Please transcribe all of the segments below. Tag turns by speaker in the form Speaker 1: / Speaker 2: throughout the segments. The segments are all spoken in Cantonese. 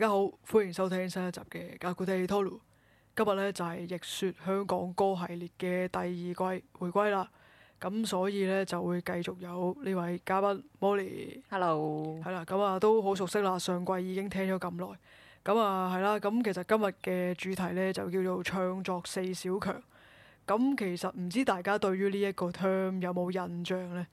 Speaker 1: 大家好，歡迎收聽新一集嘅《教古天氣套路》。今日呢，就係《逆說香港歌》系列嘅第二季回歸啦。咁所以呢，就會繼續有呢位嘉賓 Molly。Hello，係啦，咁啊都好熟悉啦。上季已經聽咗咁耐，咁啊係啦。咁其實今日嘅主題呢，就叫做唱作四小強。咁其實唔知大家對於呢一個 term 有冇印象呢？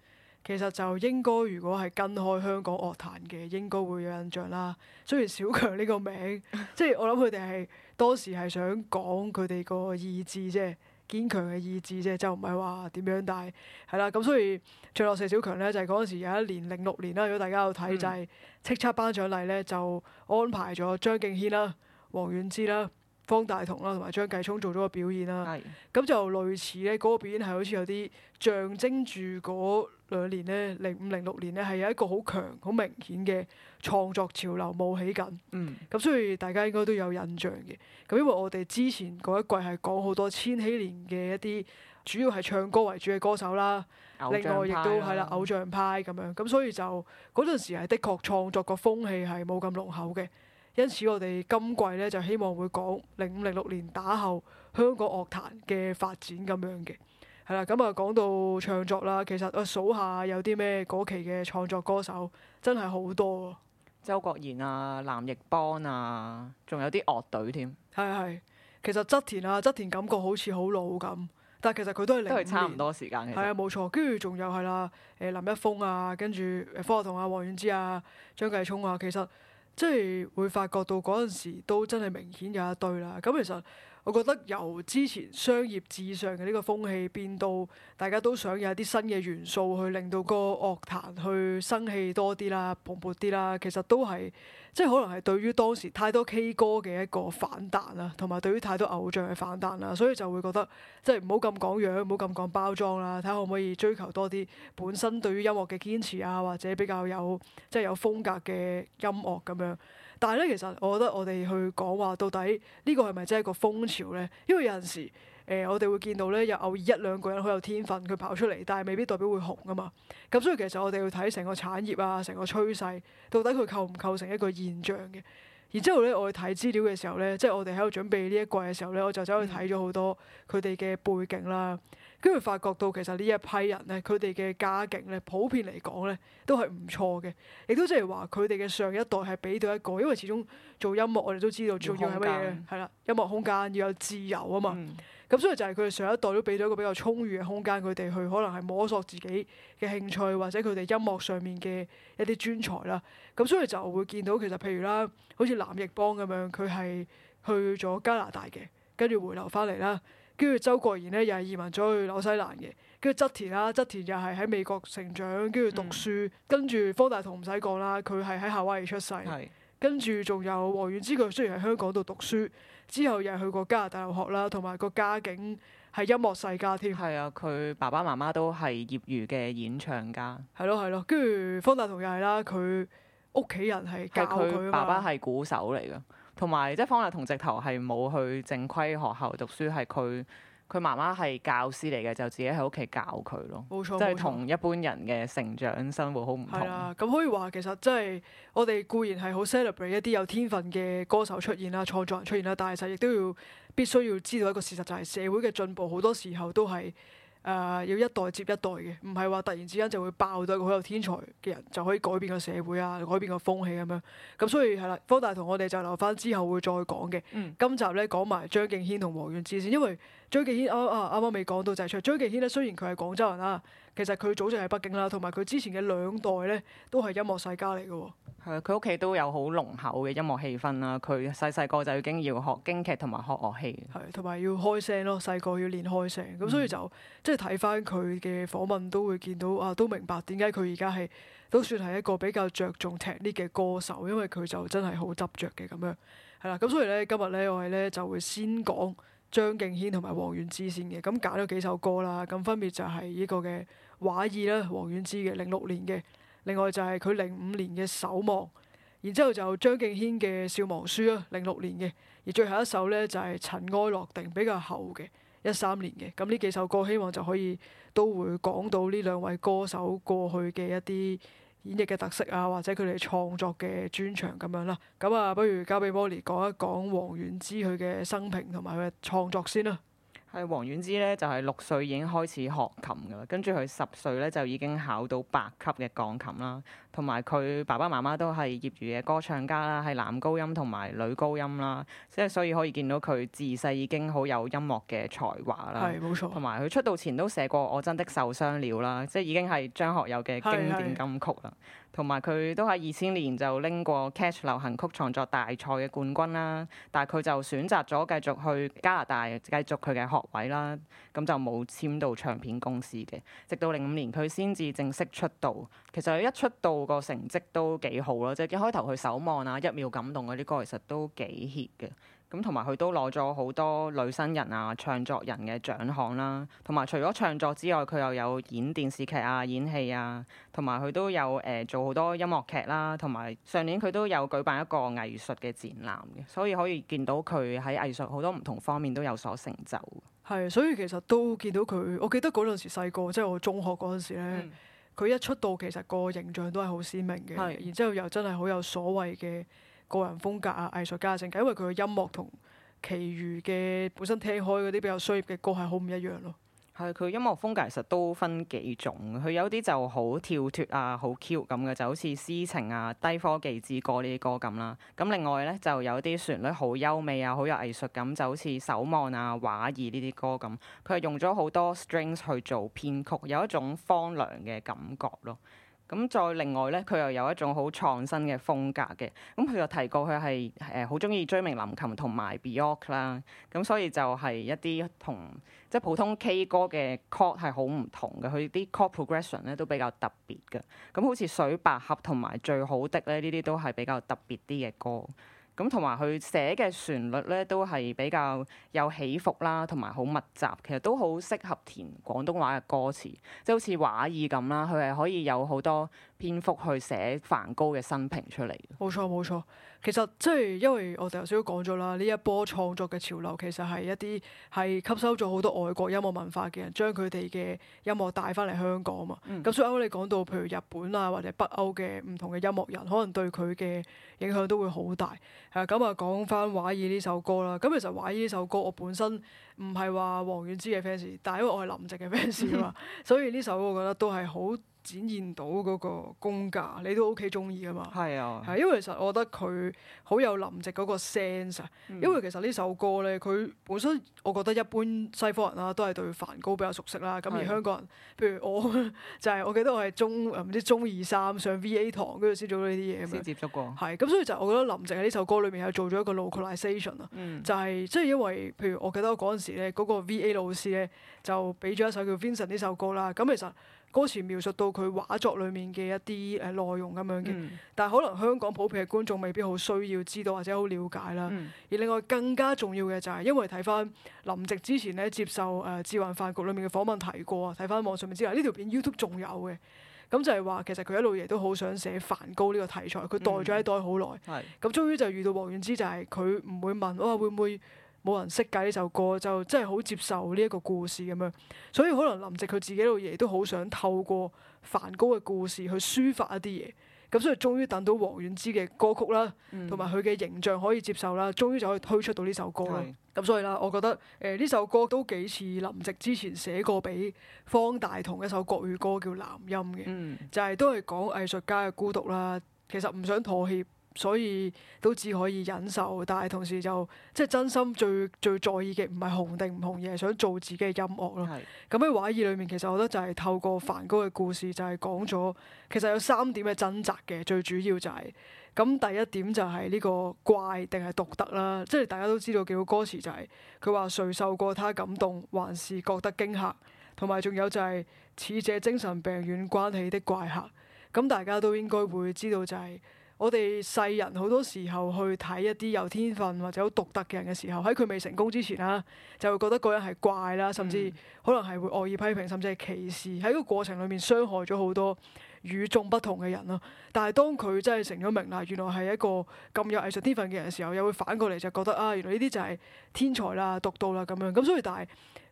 Speaker 1: 其實就應該，如果係跟開香港樂壇嘅，應該會有印象啦。雖然小強呢個名， 即係我諗佢哋係當時係想講佢哋個意志，即係堅強嘅意志啫，就唔係話點樣。但係係啦，咁所以《唱作四小強呢》咧就係嗰陣時有一年零六年啦，如果大家有睇、嗯、就係叱咤頒獎禮咧就安排咗張敬軒啦、王菀之啦。方大同啦，同埋張繼聰做咗個表演啦，咁是就類似呢嗰、嗰個表演係好似有啲象徵住嗰兩年呢，零五零六年呢，係有一個好強、好明顯嘅創作潮流冒起緊。咁、嗯、所以大家應該都有印象嘅。咁因為我哋之前嗰一季係講好多千禧年嘅一啲主要係唱歌為主嘅歌手啦，啊、另外亦都係啦，偶像派咁樣。咁所以就嗰陣、嗰個、時係的確創作個風氣係冇咁濃厚嘅。因此，我哋今季咧就希望會講零五零六年打後香港樂壇嘅發展咁樣嘅，係啦。咁啊講到唱
Speaker 2: 作啦，其實我、啊、數下
Speaker 1: 有啲咩嗰期嘅創作歌手真係好多，
Speaker 2: 周國賢啊、藍奕邦啊，仲有啲樂隊添、啊。係係，
Speaker 1: 其實側田啊，側田感覺好似好老咁，
Speaker 2: 但係其實佢都係零五年，都係差唔多時間嘅。係啊，冇錯。
Speaker 1: 跟住仲有係啦，誒林一峰啊，跟住方大同啊、王菀之啊、張繼聰啊，其實。即係會發覺到嗰陣時都真係明顯有一堆啦，咁其實。我覺得由之前商業至上嘅呢個風氣變到，大家都想有啲新嘅元素去令到個樂壇去生氣多啲啦、蓬勃啲啦，其實都係即係可能係對於當時太多 K 歌嘅一個反彈啦，同埋對於太多偶像嘅反彈啦，所以就會覺得即係唔好咁講樣，唔好咁講包裝啦，睇下可唔可以追求多啲本身對於音樂嘅堅持啊，或者比較有即係、就是、有風格嘅音樂咁樣。但係咧，其實我覺得我哋去講話，到底呢個係咪真係一個風潮咧？因為有陣時，誒、呃、我哋會見到咧，有偶爾一兩個人好有天分，佢跑出嚟，但係未必代表會紅㗎嘛。咁所以其實我哋要睇成個產業啊，成個趨勢，到底佢構唔構成一個現象嘅？然之後咧，我去睇資料嘅時候咧，即係我哋喺度準備呢一季嘅時候咧，我就走去睇咗好多佢哋嘅背景啦。跟住發覺到其實呢一批人咧，佢哋嘅家境咧，普遍嚟講咧，都係唔錯嘅。亦都即係話佢哋嘅上一代係俾到一個，因為始終做音樂，我哋都知道重要係乜嘢？係啦空間，音樂空間要有自由啊嘛。嗯咁、嗯、所以就係佢哋上一代都俾咗一個比較充裕嘅空間，佢哋去可能係摸索自己嘅興趣，或者佢哋音樂上面嘅一啲專才啦。咁所以就會見到其實譬如啦，好似藍奕邦咁樣，佢係去咗加拿大嘅，跟住回流翻嚟啦。跟住周國賢咧又係移民咗去紐西蘭嘅。跟住側田啦，側田又係喺美國成長，跟住讀書，跟住、嗯、方大同唔使講啦，佢係喺夏威夷出世，跟住仲有王菀之，佢雖然喺香港度讀書，之後又去過加拿大學啦，同埋個家境
Speaker 2: 係音樂世家添。係啊，佢爸爸媽媽都係業餘嘅演唱家。係
Speaker 1: 咯係咯，跟住方大同又係啦，佢屋企人係教佢。爸爸係
Speaker 2: 鼓手嚟噶，同埋即係方大同直頭係冇去正規學校讀書，係佢。佢媽媽係教師嚟嘅，就自己喺屋企教佢咯。冇錯，即係同一般人嘅成長生活好唔同。係啦，咁可以話其實即係我哋
Speaker 1: 固然係好 celebrate 一啲有天分嘅歌手出現啦、創作人出現啦，但係其實亦都要必須要知道一個事實，就係、是、社會嘅進步好多時候都係誒、呃、要一代接一代嘅，唔係話突然之間就會爆到一個好有天才嘅人就可以改變個社會啊、改變個風氣咁樣。咁所以係啦，方大同我哋就留返之後會再講嘅。嗯、今集咧講埋張敬軒同王菀之先，因為。張敬軒啊啊！啱啱未講到就係出張敬軒咧。雖然佢係廣州人啦，其實佢祖籍係北京啦，同埋佢之前嘅兩代咧都係音樂世家嚟嘅。
Speaker 2: 係啊，佢屋企都有好濃厚嘅音樂氣氛啦。佢細細個就已經要學京劇同埋學樂器。係，
Speaker 1: 同埋要開聲咯。細個要練開聲咁，嗯、所以就即係睇翻佢嘅訪問都會見到啊，都明白點解佢而家係都算係一個比較着重 technique 嘅歌手，因為佢就真係好執着嘅咁樣。係啦，咁所以咧今日咧我係咧就會先講。張敬軒同埋王菀之先嘅，咁揀咗幾首歌啦，咁分別就係呢個嘅畫意啦，王菀之嘅零六年嘅，另外就係佢零五年嘅守望，然之後就張敬軒嘅笑忘書啦，零六年嘅，而最後一首呢，就係塵埃落定，比較後嘅一三年嘅，咁呢幾首歌希望就可以都會講到呢兩位歌手過去嘅一啲。演繹嘅特色啊，或者佢哋創作嘅專長咁樣啦。咁啊，不如交俾 Molly 講一講王菀之佢嘅生平同埋佢嘅創作先啦。
Speaker 2: 係王菀之咧，就係、是、六歲已經開始學琴噶啦，跟住佢十歲咧就已經考到八級嘅鋼琴啦，同埋佢爸爸媽媽都係業餘嘅歌唱家啦，係男高音同埋女高音啦，即係所以可以見到佢自細已經好有音樂嘅才華啦。係冇錯，同埋佢出道前都寫過《我真的受傷了》啦，即係已經係張學友嘅經典金曲啦。同埋佢都喺二千年就拎過 CASH 流行曲創作大賽嘅冠軍啦，但係佢就選擇咗繼續去加拿大繼續佢嘅學位啦，咁就冇簽到唱片公司嘅，直到零五年佢先至正式出道。其實佢一出道個成績都幾好咯，即係一開頭去守望啊、一秒感動嗰啲歌，其實都幾 hit 嘅。咁同埋佢都攞咗好多女新人啊、唱作人嘅獎項啦，同埋除咗唱作之外，佢又有演電視劇啊、演戲啊，同埋佢都有誒、呃、做好多音樂劇啦，同埋上年佢都有舉辦一個藝術嘅展覽嘅，所以可以見到佢喺藝術好多唔同方面都有所成就。
Speaker 1: 係，所以其實都見到佢，我記得嗰陣時細個，即係我中學嗰陣時咧，佢、嗯、一出道其實個形象都係好鮮明嘅，係是的 然之後又真係好有所謂嘅。個人風格啊，藝術家性格，因為佢嘅音樂同其餘嘅本身聽開嗰啲比較商業嘅歌係好唔一樣咯。
Speaker 2: 係，佢音樂風格其實都分幾種，佢有啲就好跳脫啊，好 cute 咁嘅，就好似詩情啊、低科技之歌呢啲歌咁啦。咁另外呢，就有啲旋律好優美啊，好有藝術感，就好似守望啊、畫意呢啲歌咁。佢係用咗好多 strings 去做編曲，有一種荒涼嘅感覺咯。咁再另外咧，佢又有一種好創新嘅風格嘅。咁佢又提過佢係誒好鍾意椎名林檎同埋 Bjork 啦、啊。咁所以就係一啲同即係普通 K 歌嘅 chord 係好唔同嘅。佢啲 chord progression 咧都比較特別嘅。咁、啊、好似水百合同埋最好的咧呢啲都係比較特別啲嘅歌。咁同埋佢寫嘅旋律呢，都係比較有起伏啦，同埋好密集，其實都好適合填廣東話嘅歌詞，即係好似華意咁啦，佢係可以有好多篇幅去寫梵高嘅生平出嚟。
Speaker 1: 冇錯冇錯，其實即係因為我哋頭先都講咗啦，呢一波創作嘅潮流其實係一啲係吸收咗好多外國音樂文化嘅人，將佢哋嘅音樂帶翻嚟香港嘛。咁、嗯、所以我哋講到譬如日本啊，或者北歐嘅唔同嘅音樂人，可能對佢嘅影響都會好大。係咁啊，講翻《畫意》呢首歌啦。咁其實《畫意》呢首歌我本身唔係話王菀之嘅 fans，但係因為我係林夕嘅 fans 啊嘛，嗯、所以呢首歌我覺得都係好。展現到嗰個功架，你都 O K 中意啊嘛？係啊，係因為其實我覺得佢好有林夕嗰個 sense 啊、嗯。因為其實呢首歌咧，佢本身我覺得一般西方人啦、啊，都係對梵高比較熟悉啦。咁而香港人，是譬如我就係、是、我記得我係中唔知中二三上 V A 堂，跟住先做呢啲嘢咁接觸過。係咁，所以就我覺得林夕喺呢首歌裏面係做咗一個 l o c a l i z a t i o n 啊、嗯，就係即係因為譬如我記得我嗰陣時咧，嗰、那個 V A 老師咧就俾咗一首叫 Vincent 呢首歌啦。咁其實歌詞描述到佢畫作裡面嘅一啲誒內容咁樣嘅，嗯、但係可能香港普遍嘅觀眾未必好需要知道或者好了解啦。嗯、而另外更加重要嘅就係，因為睇翻林夕之前咧接受誒《志、呃、雲飯局》裡面嘅訪問提過，睇翻網上面之後，呢條片 YouTube 仲有嘅，咁就係話其實佢一路亦都好想寫梵高呢個題材，佢待咗一待好耐，咁、嗯、終於就遇到王菀之，就係佢唔會問我話會唔會。冇人識解呢首歌，就真係好接受呢一個故事咁樣。所以可能林夕佢自己度亦都好想透過梵高嘅故事去抒發一啲嘢。咁所以終於等到王菀之嘅歌曲啦，同埋佢嘅形象可以接受啦，終於就可以推出到呢首歌啦。咁對 所以啦，我覺得誒呢、呃、首歌都幾似林夕之前寫過俾方大同一首國語歌叫《藍音》嘅，嗯、就係都係講藝術家嘅孤獨啦。其實唔想妥協。所以都只可以忍受，但係同時就即係真心最最在意嘅唔係紅定唔紅，而係想做自己嘅音樂咯。咁喺畫意裏面，其實我覺得就係透過梵高嘅故事就，就係講咗其實有三點嘅掙扎嘅，最主要就係、是、咁。第一點就係呢個怪定係獨特啦，即係大家都知道幾個歌詞就係佢話誰受過他感動還是覺得驚嚇，同埋仲有就係、是、似者精神病院關起的怪客。咁大家都應該會知道就係、是。我哋世人好多時候去睇一啲有天分或者好獨特嘅人嘅時候，喺佢未成功之前啦、啊，就會覺得嗰人係怪啦，甚至可能係會惡意批評，甚至係歧視，喺個過程裏面傷害咗好多與眾不同嘅人咯。但係當佢真係成咗名啦，原來係一個咁有藝術天分嘅人嘅時候，又會反過嚟就覺得啊，原來呢啲就係天才啦、獨到啦咁樣。咁所以，但係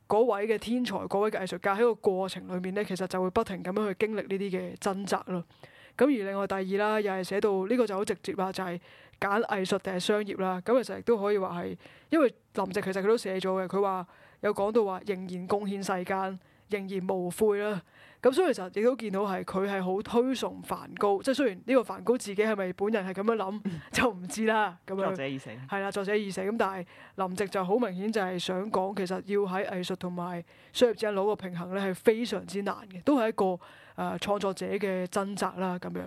Speaker 1: 嗰位嘅天才、嗰位嘅藝術家喺個過程裏面咧，其實就會不停咁樣去經歷呢啲嘅掙扎咯。咁而另外第二啦，又係寫到呢個就好直接啦，就係揀藝術定係商業啦。咁其實亦都可以話係，因為林夕其實佢都寫咗嘅，佢話有講到話仍然貢獻世間仍然無悔啦。咁所以其實亦都見到係佢係好推崇梵高，即係雖然呢個梵高自己係咪本人係咁樣諗、嗯、就唔知啦。咁樣，作者已死，係啦，作者已死，咁，但係林夕就好明顯就係想講其實要喺藝術同埋商業之間攞個平衡咧，係非常之難嘅，都係一個。誒創作者嘅掙扎啦，咁樣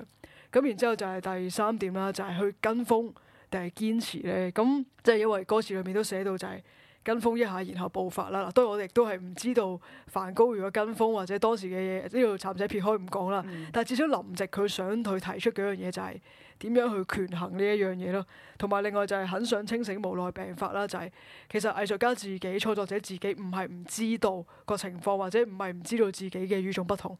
Speaker 1: 咁然之後就係第三點啦，就係去跟風定係堅持咧。咁即係因為歌詞裏面都寫到就係跟風一下，然後暴發啦。當然我哋亦都係唔知道梵高如果跟風或者當時嘅嘢，呢度暫時撇開唔講啦。但係至少林夕佢想佢提出嘅一樣嘢，就係點樣去權衡呢一樣嘢咯。同埋另外就係很想清醒，無奈病發啦。就係其實藝術家自己、創作者自己唔係唔知道個情況，或者唔係唔知道自己嘅與眾不同。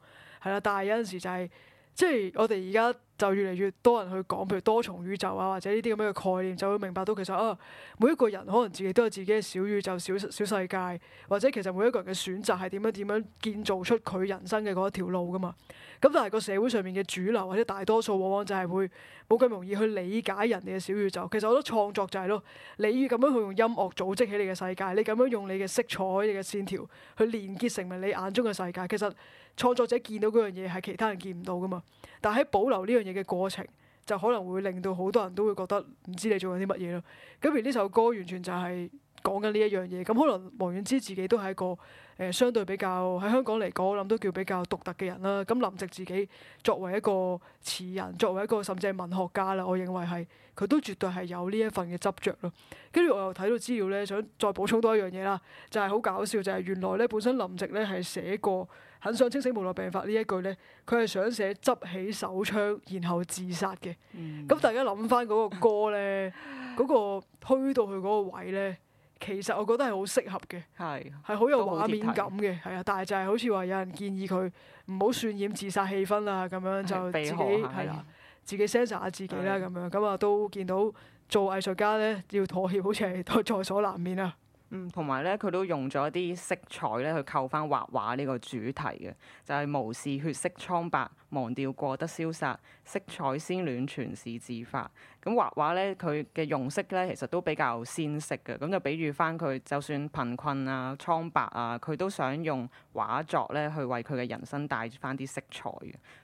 Speaker 1: 係啦，但係有陣時就係，即係我哋而家。就越嚟越多人去講，譬如多重宇宙啊，或者呢啲咁樣嘅概念，就會明白到其實啊，每一個人可能自己都有自己嘅小宇宙、小小世界，或者其實每一個人嘅選擇係點樣點樣建造出佢人生嘅嗰一條路噶嘛。咁但係個社會上面嘅主流或者大多數往往就係會冇咁容易去理解人哋嘅小宇宙。其實我覺得創作就係咯，你咁樣去用音樂組織起你嘅世界，你咁樣用你嘅色彩、你嘅線條去連結成為你眼中嘅世界。其實創作者見到嗰樣嘢係其他人見唔到噶嘛。但係保留呢樣嘢嘅過程就可能會令到好多人都會覺得唔知你做緊啲乜嘢咯。咁而呢首歌完全就係講緊呢一樣嘢。咁可能王菀之自己都係一個誒，相對比較喺香港嚟講，我諗都叫比較獨特嘅人啦。咁林夕自己作為一個詞人，作為一個甚至係文學家啦，我認為係佢都絕對係有呢一份嘅執着咯。跟住我又睇到資料呢，想再補充多一樣嘢啦，就係好搞笑，就係原來呢本身林夕呢係寫過。很想清醒無奈病發，呢一句呢，佢係想寫執起手槍然後自殺嘅。咁、嗯、大家諗翻嗰個歌呢，嗰、嗰個推到佢嗰個位呢，其實我覺得係好適合嘅，係係好有畫面感嘅，係啊。但係就係好似話有人建議佢唔好渲染自殺氣氛啦，咁樣就自己係啦，自己 self 下自己啦，咁樣咁啊，都見到做藝術家呢，要妥協，好似都在所難免啊。
Speaker 2: 嗯，同埋咧，佢都用咗一啲色彩咧去構翻畫畫呢個主題嘅，就係、是、無視血色蒼白。忘掉過得瀟灑，色彩鮮暖全是自發。咁畫畫咧，佢嘅用色咧，其實都比較鮮色嘅。咁就比喻翻佢，就算貧困啊、蒼白啊，佢都想用畫作咧，去為佢嘅人生帶翻啲色彩。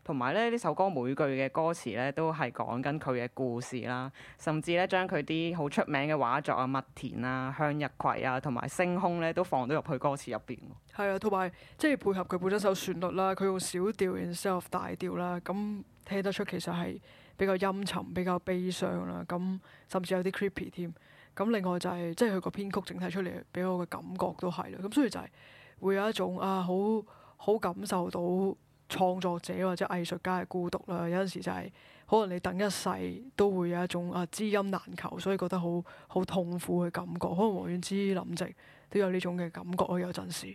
Speaker 2: 同埋咧，呢首歌每句嘅歌詞咧，都係講緊佢嘅故事啦。甚至咧，將佢啲好出名嘅畫作啊，麥田啊、向日葵啊，同埋星空咧，都放咗入去歌詞入邊。
Speaker 1: 係啊，同埋 即係配合佢本身首旋律啦，佢用小調，instead of 大調啦，咁聽得出其實係比較陰沉、比較悲傷啦。咁甚至有啲 creepy 添。咁另外就係、是、即係佢個編曲整體出嚟，俾我嘅感覺都係啦。咁所以就係會有一種啊好好感受到創作者或者藝術家嘅孤獨啦。有陣時就係可能你等一世都會有一種啊知音難求，所以覺得好好痛苦嘅感覺。可能王菀之、林夕都有呢種嘅感覺啊。有陣時。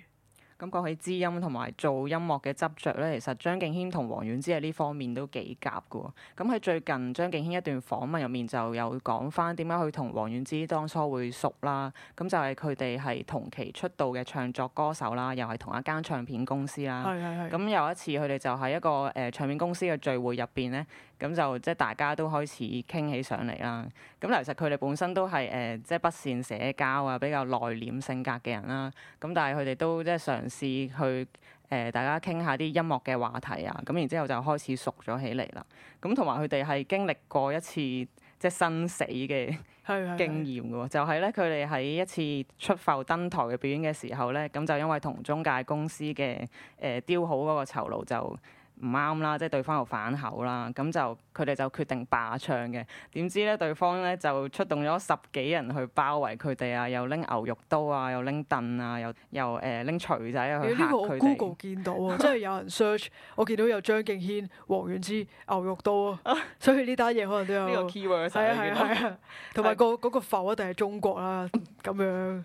Speaker 2: 咁講起知音同埋做音樂嘅執著咧，其實張敬軒同王菀之喺呢方面都幾夾㗎喎。咁喺最近張敬軒一段訪問入面就有講翻點解佢同王菀之當初會熟啦。咁就係佢哋係同期出道嘅唱作歌手啦，又係同一間唱片公司啦。咁有一次佢哋就喺一個誒唱片公司嘅聚會入邊咧。咁就即係大家都開始傾起上嚟啦。咁其實佢哋本身都係誒即係不善社交啊，比較內斂性格嘅人啦。咁但係佢哋都即係嘗試去誒大家傾下啲音樂嘅話題啊。咁然之後就開始熟咗起嚟啦。咁同埋佢哋係經歷過一次即係、就是、生死嘅的 經驗嘅喎。就係咧，佢哋喺一次出埠登台嘅表演嘅時候咧，咁就因為同中介公司嘅誒雕好嗰個酬勞就。唔啱啦，即係對方又反口啦，咁就佢哋就決定罷唱嘅。點知咧，對方咧就出動咗十幾人去包圍佢哋啊，又拎牛肉刀啊，又拎凳啊，又又誒拎錘仔去嚇佢哋啊。呢個我 Google
Speaker 1: 見到啊，即係 有人 search，我見到有張敬軒王菀之牛肉刀，啊。 所以呢單嘢可能都有。呢 個
Speaker 2: keyword 就係見到啊係啊，
Speaker 1: 同埋個嗰個浮一定係中國啦，
Speaker 2: 咁樣。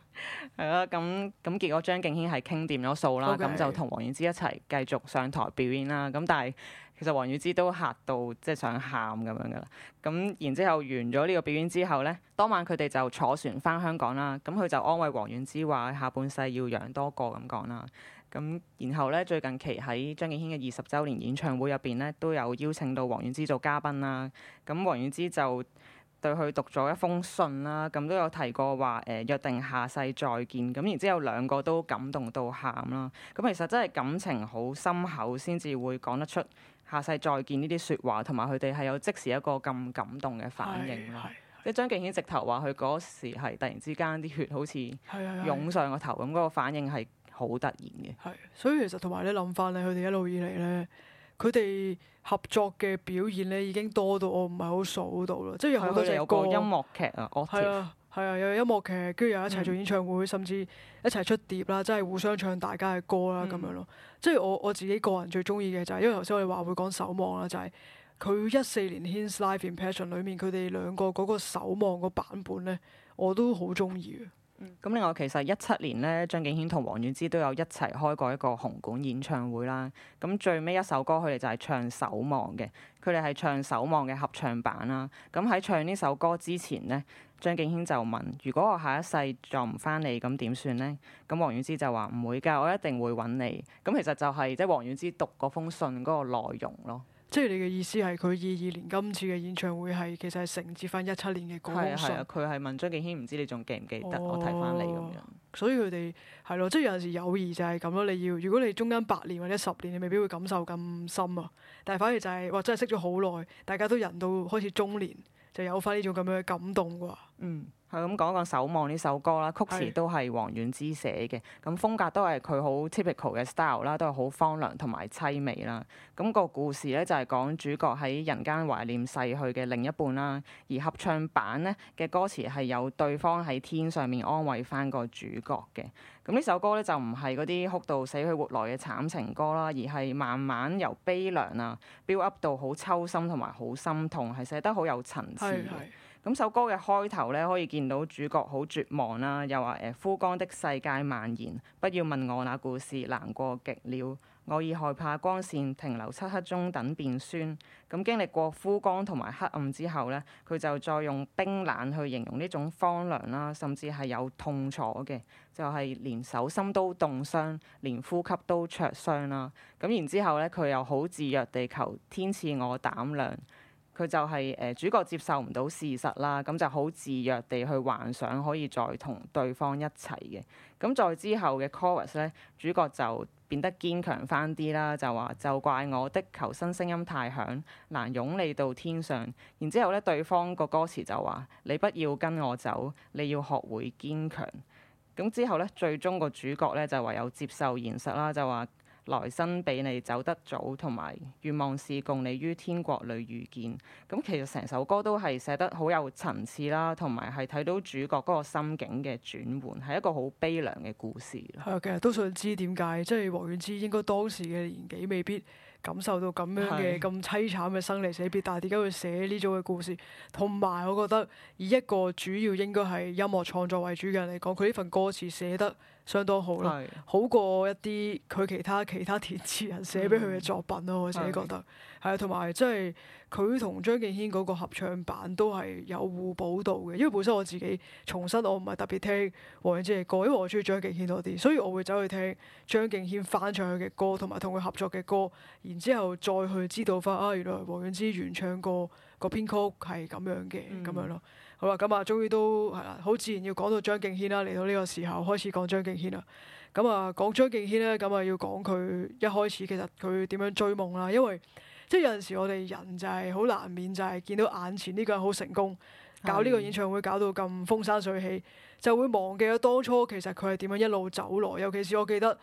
Speaker 2: 係啦，咁咁、 嗯、結果張敬軒係傾掂咗數啦，咁就同王菀之一齊繼續上台表演啦。咁但係其實王菀之都吓到即係想喊咁樣噶啦。咁然之後完咗呢個表演之後呢，當晚佢哋就坐船翻香港啦。咁佢就安慰王菀之話：下半世要養多個咁講啦。咁然後呢，最近期喺張敬軒嘅二十周年演唱會入邊呢，都有邀請到王菀之做嘉賓啦。咁王菀之就。對佢讀咗一封信啦，咁都有提過話誒、呃、約定下世再見，咁然之後兩個都感動到喊啦。咁其實真係感情好深厚，先至會講得出下世再見呢啲説話，同埋佢哋係有即時一個咁感動嘅反應咯。即張敬軒直頭話佢嗰時係突然之間啲血好似係湧上個頭咁，嗰個反應係好突然嘅。係，
Speaker 1: 所以其實同埋你諗翻咧，佢哋一路以嚟咧。佢哋合作嘅表現咧，已經多到我唔係好數到啦，即係有好多隻歌。有個音樂劇音樂啊，惡潮。係啊，有音樂劇，跟住又一齊做演唱會，嗯、甚至一齊出碟啦，即係互相唱大家嘅歌啦，咁樣咯。嗯、即係我我自己個人最中意嘅就係、是，因為頭先我哋話會講守望啦，就係佢一四年 Life 裡《Hins Live in Passion》裏面佢哋兩個嗰個守望個版本咧，我都好中意嘅。
Speaker 2: 咁另外其實一七年咧，張敬軒同王菀之都有一齊開過一個紅館演唱會啦。咁最尾一首歌佢哋就係唱《守望》嘅，佢哋係唱《守望》嘅合唱版啦。咁喺唱呢首歌之前咧，張敬軒就問：如果我下一世撞唔返你，咁點算咧？咁王菀之就話：唔會㗎，我一定會揾你。咁其實就係即係王菀之讀嗰封信嗰個內容咯。
Speaker 1: 即係你嘅意思係佢二二年今次嘅演唱會係其實係承接翻一七年嘅歌。係啊係啊，佢
Speaker 2: 係問張敬軒，唔知你仲記唔記得？我睇翻你咁樣。
Speaker 1: 所以佢哋係咯，即係有陣時友誼就係咁咯。你要如果你中間八年或者十年，你未必會感受咁深啊。但係反而就係話，哇！真係識咗好耐，大家都人到開始中年，就有翻呢種咁樣嘅感動啩。
Speaker 2: 嗯，係咁講講《守望》呢首歌啦，是曲詞都係王菀之寫嘅，咁風格都係佢好 typical 嘅 style 啦，都係好荒涼同埋淒美啦。咁個故事咧就係講主角喺人間懷念逝去嘅另一半啦，而合唱版呢嘅歌詞係有對方喺天上面安慰翻個主角嘅。咁呢首歌咧就唔係嗰啲哭到死去活來嘅慘情歌啦，而係慢慢由悲涼啊 build up 到好揪心同埋好心痛，係寫得好有層次嘅。咁首歌嘅開頭咧，可以見到主角好絕望啦，又話誒，枯乾的世界蔓延，不要問我那故事難過極了，我已害怕光線停留漆黑中等變酸。咁經歷過枯乾同埋黑暗之後咧，佢就再用冰冷去形容呢種荒涼啦，甚至係有痛楚嘅，就係連手心都凍傷，連呼吸都灼傷啦。咁然之後咧，佢又好自虐地求天賜我膽量。佢就係誒主角接受唔到事實啦，咁就好自虐地去幻想可以再同對方一齊嘅。咁再之後嘅 Chorus 呢，主角就變得堅強翻啲啦，就話就怪我的求生聲音太響，難擁你到天上。然之後呢，對方個歌詞就話：你不要跟我走，你要學會堅強。咁之後呢，最終個主角呢，就唯有接受現實啦，就話。來生俾你走得早，同埋願望是共你於天國裏遇見。咁其實成首歌都係寫得好有層次啦，同埋係睇到主角嗰個心境嘅轉換，係一個好悲涼嘅故事。係啊，
Speaker 1: 其實都想知點解，即係王菀之應該當時嘅年紀未必感受到咁樣嘅咁的淒慘嘅生離死別，但係點解會寫呢種嘅故事？同埋我覺得，以一個主要應該係音樂創作為主嘅人嚟講，佢呢份歌詞寫得。相當好啦，是好過一啲佢其他其他填詞人寫俾佢嘅作品咯。嗯、我自己覺得係啊，同埋即係佢同張敬軒嗰個合唱版都係有互補度嘅，因為本身我自己重新我唔係特別聽王菀之嘅歌，因為我中意張敬軒多啲，所以我會走去聽張敬軒翻唱佢嘅歌，同埋同佢合作嘅歌，然之後再去知道翻啊，原來王菀之原唱過。個編曲係咁樣嘅，咁、嗯、樣咯，好啦，咁啊，終於都係啦，好自然要講到張敬軒啦，嚟到呢個時候開始講張敬軒啦，咁啊講張敬軒咧，咁啊要講佢一開始其實佢點樣追夢啦，因為即係、就是、有陣時我哋人就係好難免就係見到眼前呢個人好成功，搞呢個演唱會搞到咁風生水起，就會忘記咗當初其實佢係點樣一路走來，尤其是我記得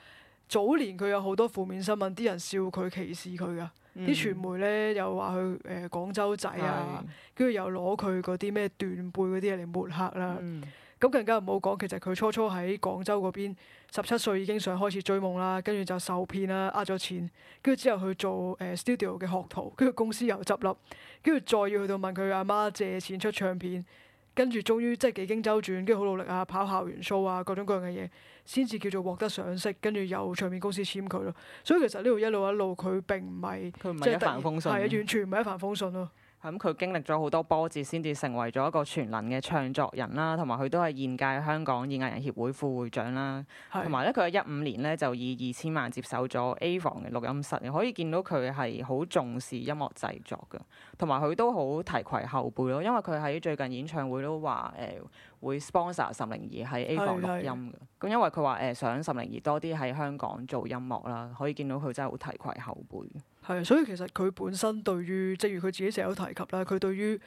Speaker 1: 早年佢有好多負面新聞，啲人笑佢歧視佢噶。啲、嗯、傳媒咧又話佢誒廣州仔啊，跟住是又攞佢嗰啲咩斷背嗰啲嚟抹黑啦。咁、嗯、更加唔好講，其實佢初初喺廣州嗰邊十七歲已經想開始追夢啦，跟住就受騙啦，呃咗錢，跟住之後去做誒 studio 嘅學徒，跟住公司又執笠，跟住再要去到問佢阿媽，媽借錢出唱片，跟住終於即係、就是、幾經周轉，跟住好努力啊跑校園 show 啊各種各樣嘅嘢。先至叫做獲得賞識，跟住由唱片公司簽佢咯。所以其實呢度一路一路佢並唔係即係一帆風順係啊，完全
Speaker 2: 唔係一帆風順咯。咁佢經歷咗好多波折，先至成為咗一個全能嘅唱作人啦，同埋佢都係現屆香港演藝人協會副會長啦。同埋咧，佢喺一五年咧就以二千萬接手咗 A 房嘅錄音室，可以見到佢係好重視音樂製作嘅，同埋佢都好提攜後輩咯。因為佢喺最近演唱會都話誒、呃、會 sponsor 岑寧兒喺 A 房是是錄音嘅。咁因為佢話誒想岑寧兒多啲喺香港做音樂啦，可以見到佢真係好提攜後輩。係啊，
Speaker 1: 所以其實佢本身對於，正如佢自己成日都提及啦，佢對於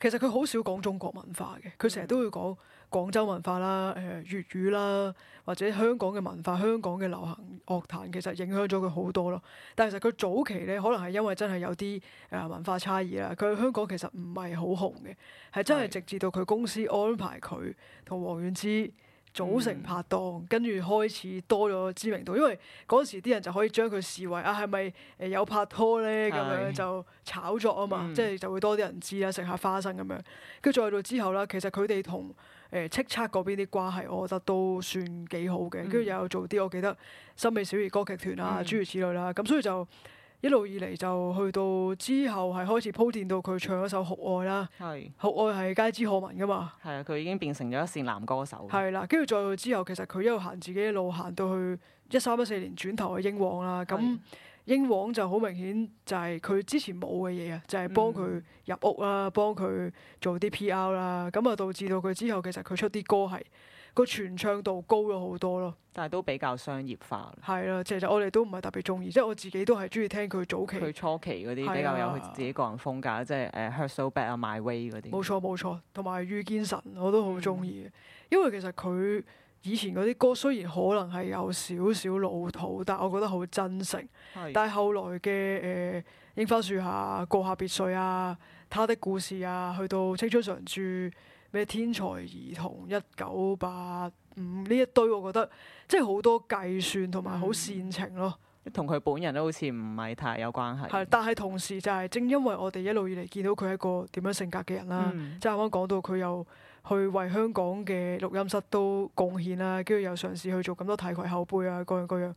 Speaker 1: 其實佢好少講中國文化嘅，佢成日都會講廣州文化啦、誒粵語啦，或者香港嘅文化、香港嘅流行樂壇，其實影響咗佢好多咯。但其實佢早期咧，可能係因為真係有啲誒文化差異啦，佢喺香港其實唔係好紅嘅，係真係直至到佢公司安排佢同王菀之組成拍檔，跟住開始多咗知名度，因為嗰時啲人就可以將佢視為啊，係咪誒有拍拖咧？咁樣是的 就炒作啊嘛，嗯、即係就會多啲人知啊，食下花生咁樣。跟住再到之後啦，其實佢哋同誒叱咤嗰邊啲關係，我覺得都算幾好嘅。跟住、嗯、又有做啲，我記得森美小儀歌劇團啊，嗯、諸如此類啦。咁所以就。一路以嚟就去到之後係開始鋪墊到佢唱一首《酷愛》啦，是《酷愛》係街知巷聞㗎嘛。係
Speaker 2: 啊，佢已經變成咗一線男歌手。係啦，跟住再到之後，其實佢一路行自己一
Speaker 1: 路行到去一三一四年轉頭去英皇啦。咁的英皇就好明顯就係佢之前冇嘅嘢啊，就係幫佢入屋啦，幫佢、嗯、做啲 P.R. 啦，咁啊導致到佢之後其實佢出啲歌係，個傳唱度高咗好多咯，
Speaker 2: 但係都比較商業化。
Speaker 1: 係啦，其實我哋都唔係特別中意，即係我自己都係中意聽佢早期。佢
Speaker 2: 初期嗰啲比較有佢自己個人風格，即係誒《Hurt So Bad》啊，《My Way》嗰啲。冇
Speaker 1: 錯冇錯，同埋遇見神我都好中意，嗯、因為其實佢以前嗰啲歌雖然可能係有少少老土，但我覺得好真誠。是的 但係後來嘅誒、呃《櫻花樹下》、《過客別墅》啊，《他的故事》啊，去到《青春常駐》。咩天才兒童一九八五呢一堆，我覺得即係好多計算同埋好煽情咯。
Speaker 2: 同佢，嗯、本人都好似唔係太有關係。係，
Speaker 1: 但係同時就係正因為我哋一路以嚟見到佢係一個點樣性格嘅人啦。嗯、即係啱啱講到佢又去為香港嘅錄音室都貢獻啦，跟住又嘗試去做咁多提攜後輩啊，各樣各樣。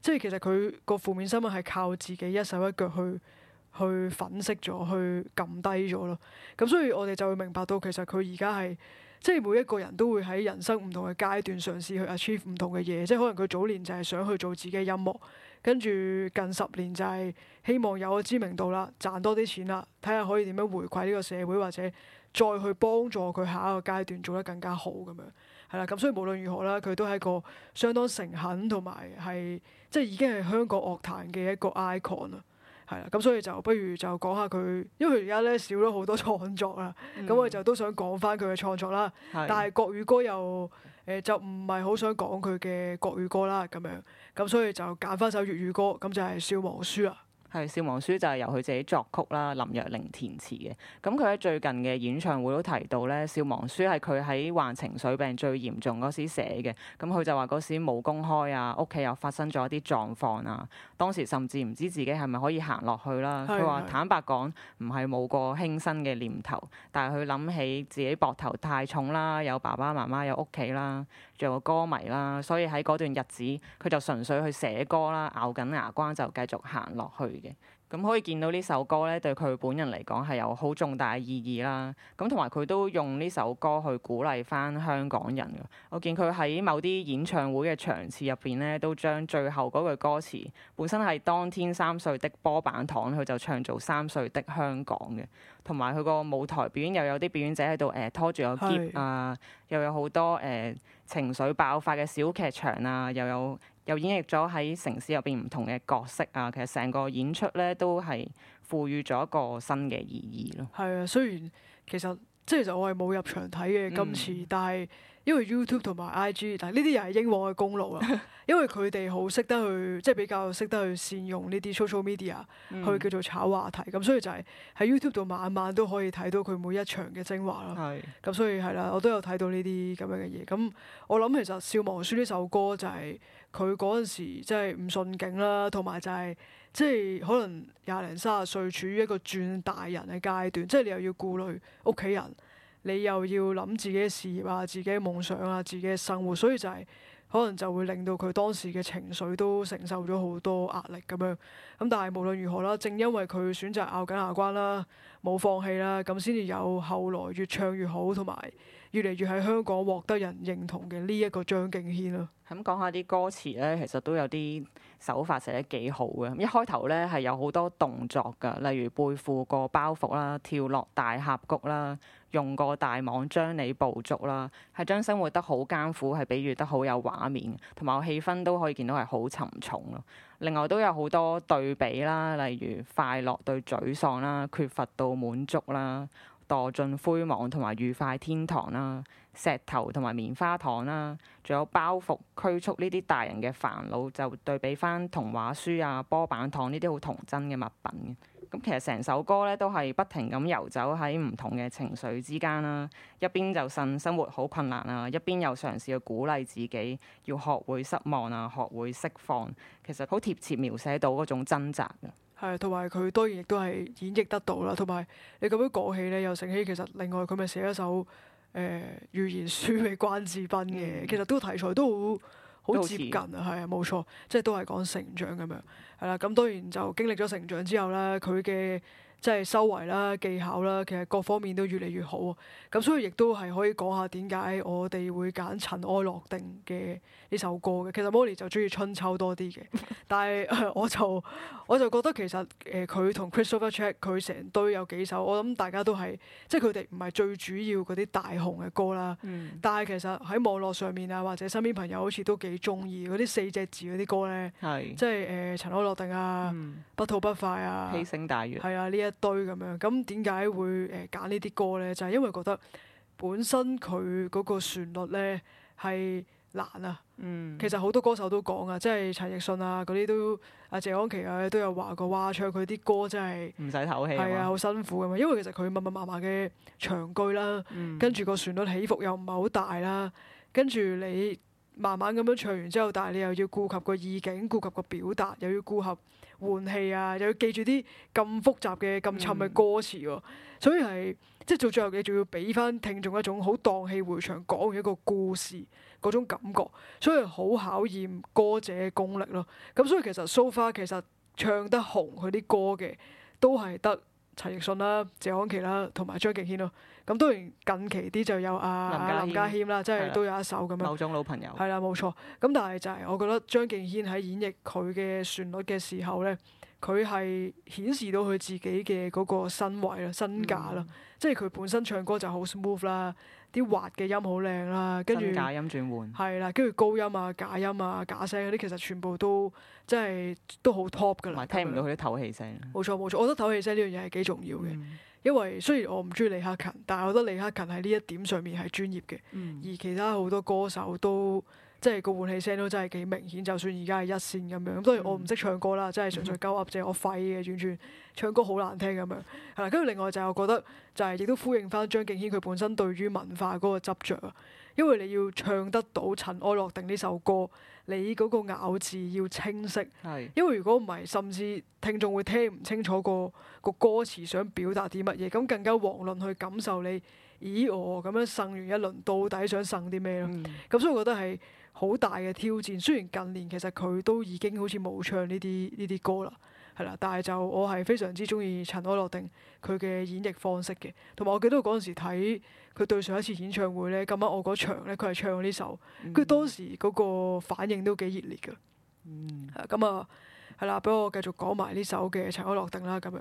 Speaker 1: 即係其實佢個負面新聞係靠自己一手一腳去。去粉飾咗，去撳低咗咯。咁所以，我哋就會明白到其實佢而家係即係每一個人都會喺人生唔同嘅階段嘗試去 achieve 唔同嘅嘢。即係可能佢早年就係想去做自己嘅音樂，跟住近十年就係希望有個知名度啦，賺多啲錢啦，睇下可以點樣回饋呢個社會，或者再去幫助佢下一個階段做得更加好咁樣。係啦，咁所以無論如何啦，佢都係一個相當誠懇同埋係即係已經係香港樂壇嘅一個 icon 啦。係啦，咁 所以就不如就講下佢，因為佢而家咧少咗好多創作啦，咁、嗯、我哋就都想講翻佢嘅創作啦。嗯、但係國語歌又誒、呃、就唔係好想講佢嘅國
Speaker 2: 語歌啦，咁樣，咁所以就揀翻首粵語歌，咁就係《笑忘書》啦。係《笑忘書》就係、是、由佢自己作曲啦，林若寧填詞嘅。咁佢喺最近嘅演唱會都提到咧，《笑忘書》係佢喺患情緒病最嚴重嗰時寫嘅。咁佢就話嗰時冇公開啊，屋企又發生咗一啲狀況啊，當時甚至唔知自己係咪可以行落去啦。佢話 坦白講，唔係冇過輕生嘅念頭，但係佢諗起自己膊頭太重啦，有爸爸媽媽有，有屋企啦。做個歌迷啦，所以喺嗰段日子，佢就純粹去寫歌啦，咬緊牙關就繼續行落去嘅。咁可以見到呢首歌咧，對佢本人嚟講係有好重大意義啦。咁同埋佢都用呢首歌去鼓勵翻香港人嘅。我見佢喺某啲演唱會嘅場次入邊咧，都將最後嗰句歌詞，本身係當天三歲的波板糖，佢就唱做三歲的香港嘅。同埋佢個舞台表演，又有啲表演者喺度誒拖住個喼啊，又有好多誒、呃、情緒爆發嘅小劇場啊，又有。又演繹咗喺城市入邊唔同嘅角色啊！其實成個演出咧都係賦予咗一個新嘅意義咯。係啊，雖然其實即係其實我係
Speaker 1: 冇入場睇嘅、嗯、今次，但係因為 YouTube 同埋 IG，但係呢啲又係英皇嘅功勞啊， 因為佢哋好識得去即係比較識得去善用呢啲 social media 去叫做炒話題，咁所以就係喺 YouTube 度晚晚都可以睇到佢每一場嘅精華啦。咁係所以係啦，我都有睇到呢啲咁樣嘅嘢。咁我諗其實《笑忘書》呢首歌就係、係。佢嗰陣時即係唔順境啦，同埋就係即係可能廿零三十歲處於一個轉大人嘅階段，即係你又要顧慮屋企人，你又要諗自己嘅事業啊、自己嘅夢想啊、自己嘅生活，所以就係可能就會令到佢當時嘅情緒都承受咗好多壓力咁樣，咁但係無論如何啦，正因為佢選擇咬緊牙關啦，冇放棄啦，咁先至有後來越唱越好，同埋。越嚟越喺香港獲得人認同嘅呢一個張敬軒啦。
Speaker 2: 咁講下啲歌詞呢，其實都有啲手法寫得幾好嘅。一開頭呢，係有好多動作噶，例如背負個包袱啦、跳落大峽谷啦、用個大網將你捕捉啦，係將生活得好艱苦，係比喻得好有畫面，同埋我氣氛都可以見到係好沉重咯。另外都有好多對比啦，例如快樂對沮喪啦、缺乏到滿足啦。墮進灰網同埋愉快天堂啦，石頭同埋棉花糖啦，仲有包袱拘束呢啲大人嘅煩惱，就對比翻童話書啊、波板糖呢啲好童真嘅物品。咁其實成首歌咧都係不停咁游走喺唔同嘅情緒之間啦，一邊就呻「生活好困難」啊，一邊又嘗試去鼓勵自己要學會失望啊，學會釋放。其實好貼切描寫到嗰種掙扎。
Speaker 1: 係，同埋佢當然亦都係演繹得到啦。同埋你咁樣講起咧，又醒起其實另外佢咪寫一首誒預、呃、言書俾關智斌嘅，其實都題材都好接近啊，係啊，冇錯，即係都係講成長咁樣。係啦，咁當然就經歷咗成長之後咧，佢嘅。即係修為啦、技巧啦，其實各方面都越嚟越好喎、啊。咁所以亦都係可以講下點解我哋會揀《塵埃落定》嘅呢首歌嘅。其實 Molly 就中意春秋多啲嘅， 但係我就我就覺得其實誒佢同 Christopher Check 佢成堆有幾首，我諗大家都係即係佢哋唔係最主要嗰啲大紅嘅歌啦。嗯。但係其實喺網絡上面啊，或者身邊朋友好似都幾中意嗰啲四隻字嗰啲歌咧。係是即係誒《塵埃落定》啊，嗯《不吐不快》啊。披星戴月。係啊，呢一堆咁樣，咁點解會誒揀呢啲歌呢？就係因為覺得本身佢嗰個旋律呢係難啊。嗯，其實好多歌手都講啊，即係陳奕迅啊嗰啲都阿謝安琪啊都有話過，哇唱佢啲歌真係
Speaker 2: 唔使唞氣，係啊好
Speaker 1: 辛苦咁嘛！因為其實佢密密麻麻嘅長句啦，跟住個旋律起伏又唔係好大啦，跟住你慢慢咁樣唱完之後，但係你又要顧及個意境，顧及個表達，又要顧及。換氣啊，又要記住啲咁複雜嘅、咁沉嘅歌詞喎，啊，嗯、所以係即係做最後，你仲要俾翻聽眾一種好蕩氣迴腸講完一個故事嗰種感覺，所以好考驗歌者嘅功力咯。咁所以其實 so far 其實唱得紅佢啲歌嘅都係得陳奕迅啦、謝安琪啦、啊、同埋張敬軒咯、啊，咁當然近期啲就有阿、啊、林，林家謙啦，即係都有一首咁樣。了某種老朋友。係啦，冇錯。咁但係就係我覺得張敬軒喺演繹佢嘅旋律嘅時候咧。佢係顯示到佢自己嘅嗰個身位啦、身價啦，嗯、即係佢本身唱歌就好 smooth 啦，啲滑嘅音好靚啦，跟住假音轉換，係啦，跟住高音啊、假音啊、假聲嗰啲，其實全部都即係都好 top 㗎啦。唔聽唔到佢
Speaker 2: 啲透氣聲。
Speaker 1: 冇錯冇錯，我覺得透氣聲呢樣嘢係幾重要嘅，嗯、因為雖然我唔中意李克勤，但係我覺得李克勤喺呢一點上面係專業嘅，嗯、而其他好多歌手都。即係個換氣聲都真係幾明顯，就算而家係一線咁樣。當然我唔識唱歌啦，真係純粹鳩噏，即係我廢嘅，完全唱歌好難聽咁樣。係啦，跟住另外就係我覺得就係亦都呼應翻張敬軒佢本身對於文化嗰個執著啊。因為你要唱得到《塵埃落定》呢首歌，你嗰個咬字要清晰。因為如果唔係，甚至聽眾會聽唔清楚個個歌詞想表達啲乜嘢，咁更加遑論去感受你咦，咿哦咁樣嬸完一輪到底想嬸啲咩咯。咁、嗯嗯、所以我覺得係。好大嘅挑戰，雖然近年其實佢都已經好似冇唱呢啲呢啲歌啦，係啦，但係就我係非常之中意《塵埃落定》佢嘅演繹方式嘅，同埋我記得嗰陣時睇佢對上一次演唱會呢，咁啱我嗰場咧，佢係唱呢首，跟住、mm hmm. 當時嗰個反應都幾熱烈噶，咁、mm hmm. 啊係啦，俾我繼續講埋呢首嘅《塵埃落定》啦，咁樣。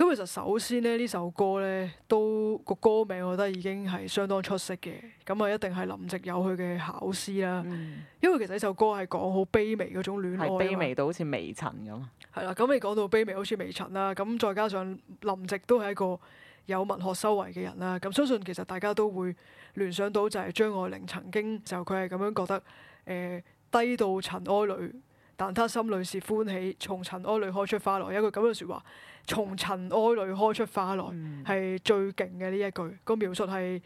Speaker 1: 咁其實首先呢，呢首歌呢，都個歌名，我覺得已經係相當出色嘅。咁啊，一定係林夕有佢嘅巧思啦。嗯、因為其實呢首歌係講好卑微嗰種戀愛，卑微到好似微塵咁。係啦，咁你講到卑微，好似微塵啦。咁再加上林夕都係一個有文學修為嘅人啦。咁相信其實大家都會聯想到就係張愛玲曾經就佢係咁樣覺得，呃、低到塵埃裏，但他心裏是歡喜，從塵埃裏開出花來。有一句咁嘅説話。從塵埃裏開出花來，係最勁嘅呢一句，個描述係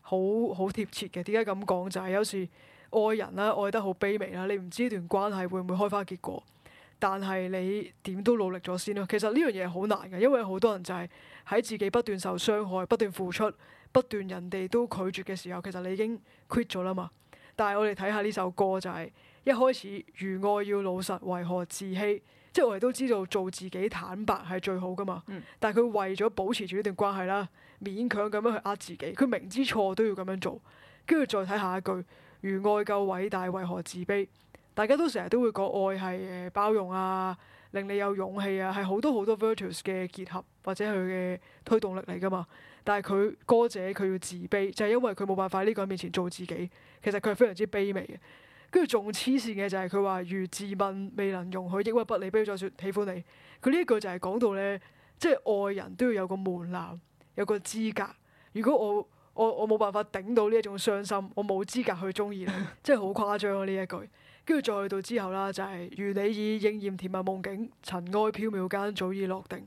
Speaker 1: 好好貼切嘅。點解咁講就係、是、有時愛人啦，愛得好卑微啦，你唔知段關係會唔會開花結果，但係你點都努力咗先啦。其實呢樣嘢好難㗎，因為好多人就係喺自己不斷受傷害、不斷付出、不斷人哋都拒絕嘅時候，其實你已經 quit 咗啦嘛。但係我哋睇下呢首歌就係、是、一開始如愛要老實，為何自欺？即係我哋都知道做自己坦白係最好噶嘛，嗯、但係佢為咗保持住呢段關係啦，勉強咁樣去呃自己，佢明知錯都要咁樣做，跟住再睇下一句，如愛夠偉大為何自卑？大家都成日都會講愛係包容啊，令你有勇氣啊，係好多好多 virtues 嘅結合或者佢嘅推動力嚟噶嘛，但係佢歌者佢要自卑，就係、是、因為佢冇辦法喺呢個人面前做自己，其實佢係非常之卑微嘅。跟住仲黐線嘅就係佢話如自問未能容許抑鬱不理，不要再說喜歡你。佢呢一句就係講到咧，即係愛人都要有個門檻，有個資格。如果我我我冇辦法頂到呢一種傷心，我冇資格去中意你，即係好誇張啊！呢一句跟住再去到之後啦、就是，就係如你已應驗甜蜜夢境，塵埃飄渺間早已落定，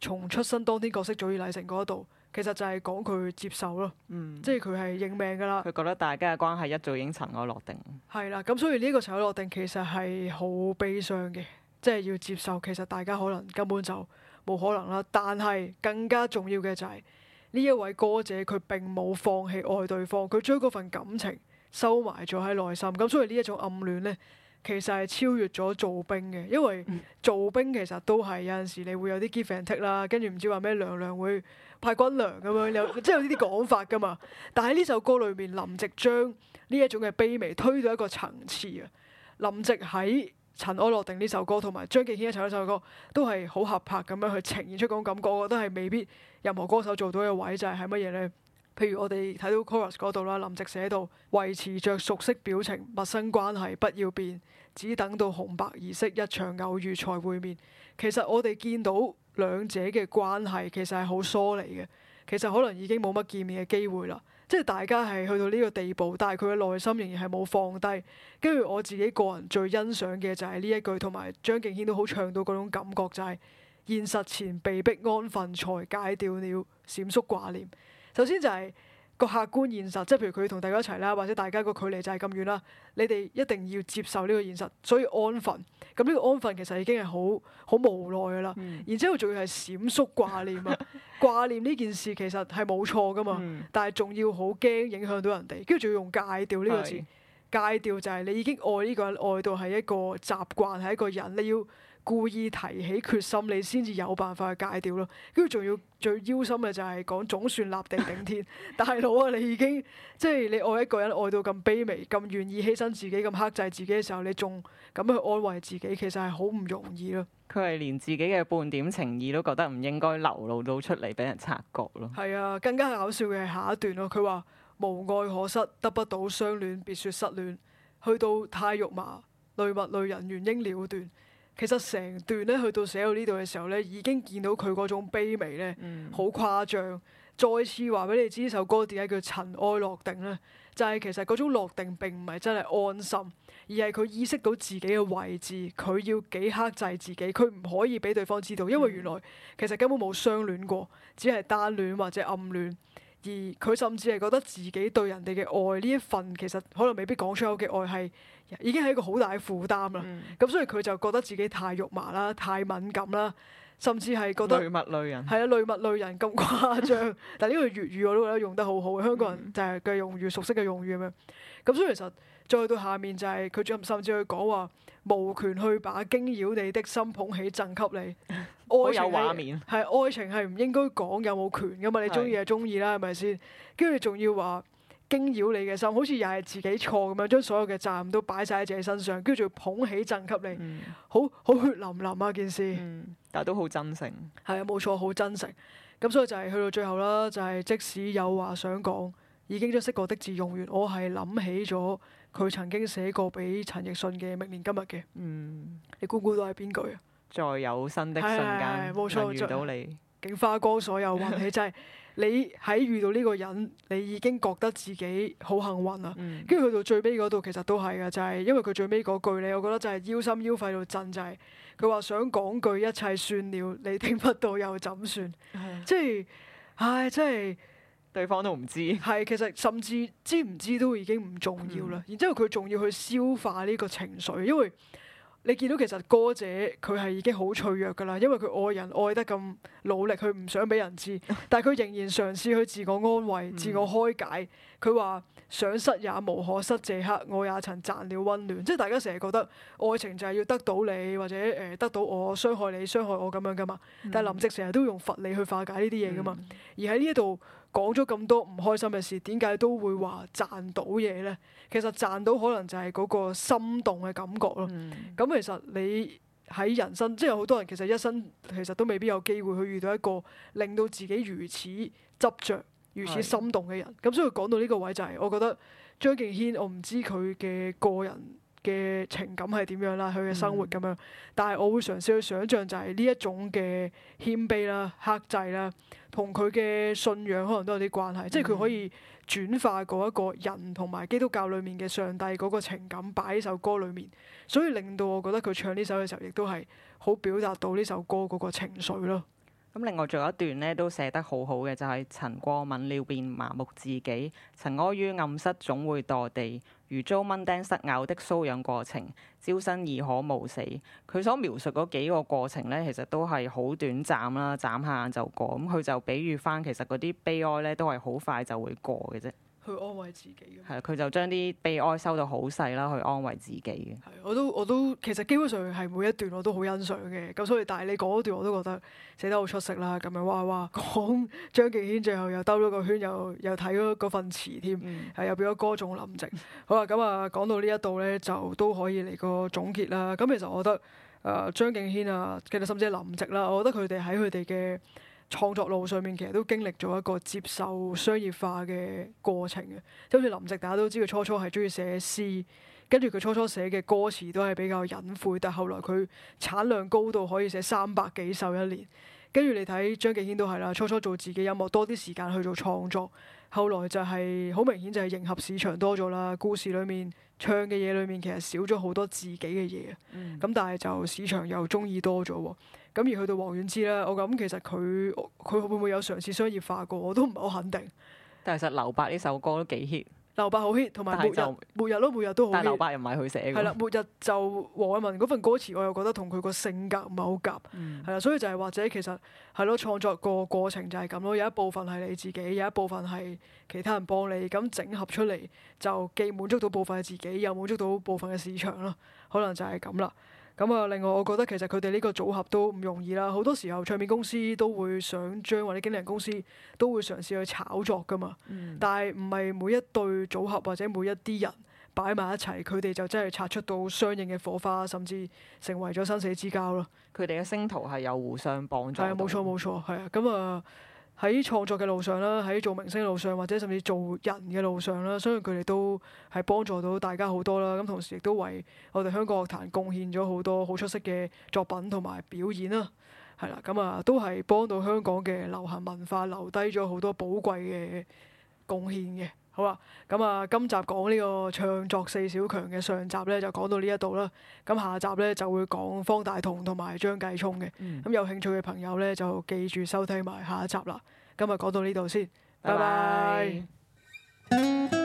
Speaker 1: 從出生當天角色早已禮成嗰度。其實就係講佢接受咯，嗯、即係佢係認命噶啦。
Speaker 2: 佢覺得大家嘅關係一早已經塵埃落定。
Speaker 1: 係啦，咁所以呢個塵埃落定其實係好悲傷嘅，即係要接受。其實大家可能根本就冇可能啦。但係更加重要嘅就係、是、呢一位歌者，佢並冇放棄愛對方，佢將嗰份感情收埋咗喺內心。咁所以呢一種暗戀呢，其實係超越咗做兵嘅，因為做兵其實都係有陣時你會有啲 give and take 啦，跟住唔知話咩娘娘會。派軍糧咁樣有即係有呢啲講法噶嘛？但係呢首歌裏面，林夕將呢一種嘅卑微推到一個層次啊！林夕喺《塵埃落定》呢首歌同埋張敬軒一齊呢首歌都係好合拍咁樣去呈現出嗰種感覺，我覺得係未必任何歌手做到嘅位就係係乜嘢呢？譬如我哋睇到 chorus 嗰度啦，林夕寫到維持着熟悉表情、陌生關係，不要變，只等到紅白儀式，一場偶遇才會面。其實我哋見到。兩者嘅關係其實係好疏離嘅，其實可能已經冇乜見面嘅機會啦。即係大家係去到呢個地步，但係佢嘅內心仍然係冇放低。跟住我自己個人最欣賞嘅就係呢一句，同埋張敬軒都好唱到嗰種感覺，就係，就係現實前被逼安分，才解掉了閃縮掛念。首先就係、係。個客觀現實，即係譬如佢同大家一齊啦，或者大家個距離就係咁遠啦，你哋一定要接受呢個現實，所以安分。咁呢個安分其實已經係好好無奈噶啦。嗯、然之後仲要係閃縮掛念啊，掛 念呢件事其實係冇錯噶嘛，嗯、但係仲要好驚影響到人哋，跟住仲要用戒掉呢個字。是戒掉就係你已經愛呢個人，愛到係一個習慣，係一個人，你要。故意提起決心，你先至有辦法去戒掉咯。跟住仲要最憂心嘅就係講總算立地頂天 大佬啊！你已經即係、就是、你愛一個人愛到咁卑微，咁願意犧牲自己，咁克制自己嘅時候，你仲咁去安慰自己，其實係好唔容易咯。
Speaker 2: 佢係連自己嘅半點情意都覺得唔應該流露到出嚟，俾人察覺咯。
Speaker 1: 係啊，更加搞笑嘅係下一段咯。佢話無愛可失，得不到相戀，別説失戀，去到太肉麻，累物累人應，緣應了斷。其實成段咧，去到寫到呢度嘅時候咧，已經見到佢嗰種卑微咧，好、嗯、誇張。再次話俾你知，呢首歌點解叫《塵埃落定》咧？就係、是、其實嗰種落定並唔係真係安心，而係佢意識到自己嘅位置，佢要幾克制自己，佢唔可以俾對方知道，因為原來其實根本冇相戀過，只係單戀或者暗戀。而佢甚至係覺得自己對人哋嘅愛呢一份，其實可能未必講出口嘅愛係已經係一個好大嘅負擔啦。咁、嗯、所以佢就覺得自己太肉麻啦，太敏感啦，甚至係覺得累物累人。係啊，累物累人咁誇張。 但係呢個粵語我都覺得用得好好，香港人就係嘅用語熟悉嘅用語咁樣。咁所以其實再到下面就係佢仲甚至去講話無權去把驚擾你的心捧起贈給你。嗯愛情係，愛情係唔應該講有冇權噶嘛？你中意就中意啦，係咪先？跟住仲要話驚擾你嘅心，好似又係自己錯咁樣，將所有嘅責任都擺晒喺自己身上，跟住捧起陣給你，嗯、好好血淋淋啊件事，嗯、但係都好真誠，係啊冇錯，好真誠。咁所以就係去到最後啦，就係、是、即使有話想講，已經將識過的字用完，我係諗起咗佢曾經寫過俾陳奕迅嘅《明年今日》嘅、
Speaker 2: 嗯，
Speaker 1: 你估估都係邊句啊？
Speaker 2: 再有新的瞬間，冇錯，遇到你，
Speaker 1: 竟花光所有運氣 就係你喺遇到呢個人，你已經覺得自己好幸運啦。跟住去到最尾嗰度，其實都係嘅，就係、是、因為佢最尾嗰句咧，我覺得就係腰心腰肺度震，就係佢話想講句一切算了，你聽不到又怎算？即係、嗯就是，唉，即、就、係、是、對方都唔知。係，其實甚至知唔知都已經唔重要啦。嗯、然之後佢仲要去消化呢個情緒，因為。你見到其實歌者佢係已經好脆弱㗎啦，因為佢愛人愛得咁努力，佢唔想俾人知，但係佢仍然嘗試去自我安慰、 自我開解。佢話想失也無可失，這刻我也曾賺了溫暖。即係大家成日覺得愛情就係要得到你或者誒得到我，傷害你傷害我咁樣㗎嘛？但係林夕成日都用佛理去化解呢啲嘢㗎嘛，而喺呢一度。講咗咁多唔開心嘅事，點解都會話賺到嘢呢？其實賺到可能就係嗰個心動嘅感覺咯。咁、嗯、其實你喺人生，即係好多人其實一生其實都未必有機會去遇到一個令到自己如此執着、如此心動嘅人。咁係 所以講到呢個位就係、係，我覺得張敬軒，我唔知佢嘅個人，嘅情感係點樣啦，佢嘅生活咁樣，但係我會嘗試去想象就係呢一種嘅謙卑啦、克制啦，同佢嘅信仰可能都有啲關係，嗯、即係佢可以轉化過一個人同埋基督教裏面嘅上帝嗰個情感擺喺首歌裏面，所以令到我覺得佢唱呢首嘅時候，亦都係好表達到呢首歌嗰個情緒咯。
Speaker 2: 咁另外仲有一段咧都寫得好好嘅，就係、是、曾過敏了便麻木自己，曾屙於暗室總會墮地，如遭蚊叮虱咬的瘙癢過程，朝生而可無死。佢所描述嗰幾個過程咧，其實都係好短暫啦，眨下眼就過，咁佢就比喻翻其實嗰啲悲哀咧，都係好快就會過嘅啫。去安慰自己嘅，係佢 就將啲悲哀收到好細啦，去安慰自己嘅。係，我都
Speaker 1: 我都其實基本上係每一段我都好欣賞嘅，咁所以但係你嗰段我都覺得寫得好出色啦，咁樣哇哇講張敬軒最後又兜咗個圈，又又睇咗嗰份詞添，又、嗯、又變咗歌頌林夕。好啦，咁啊講到呢一度咧，就都可以嚟個總結啦。咁其實我覺得誒、呃、張敬軒啊，其實甚至林夕啦，我覺得佢哋喺佢哋嘅。創作路上面其實都經歷咗一個接受商業化嘅過程嘅，即好似林夕，大家都知佢初初係中意寫詩，跟住佢初初寫嘅歌詞都係比較隱晦，但係後來佢產量高到可以寫三百幾首一年，跟住你睇張敬軒都係啦，初初做自己音樂多啲時間去做創作，後來就係好明顯就係迎合市場多咗啦，故事裏面唱嘅嘢裏面其實少咗好多自己嘅嘢，咁、嗯、但係就市場又中意多咗喎。咁而去到王菀之咧，我諗其實佢佢會唔會有嘗試商業化過？我都唔係好肯定。
Speaker 2: 但係其實劉白呢首歌都幾 hit，劉白好 hit，同埋末日末日咯，就末日都好。但劉白又唔係佢寫嘅。係啦，末日就
Speaker 1: 黃偉文嗰份歌詞，我又覺得同佢個性格唔係好夾，係啦、嗯，所以就係或者其實係咯創作個過，過程就係咁咯，有一部分係你自己，有一部分係其他人幫你咁整合出嚟，就既滿足到部分嘅自己，又滿足到部分嘅市場咯，可能就係咁啦。咁啊！另外，我覺得其實佢哋呢個組合都唔容易啦。好多時候，唱片公司都會想將或者經理人公司都會嘗試去炒作噶嘛。嗯、但係唔係每一對組合或者每一啲人擺埋一齊，佢哋就真係擦出到相應嘅火花，甚至成為咗生死之交咯。佢哋嘅星途係有互相幫助。係啊，冇錯，冇錯，係啊，咁、呃、啊。喺創作嘅路上啦，喺做明星嘅路上，或者甚至做人嘅路上啦，相信佢哋都係幫助到大家好多啦，咁同時亦都為我哋香港樂壇貢獻咗好多好出色嘅作品同埋表演啦，係啦，咁啊都係幫到香港嘅流行文化留低咗好多寶貴嘅貢獻嘅。好啦，咁啊，今集講呢個唱作四小強嘅上集呢，就講到呢一度啦。咁下集呢，就會講方大同同埋張繼聰嘅。咁、嗯、有興趣嘅朋友呢，就記住收聽埋下一集啦。今日講到呢度先，拜拜 bye。Bye bye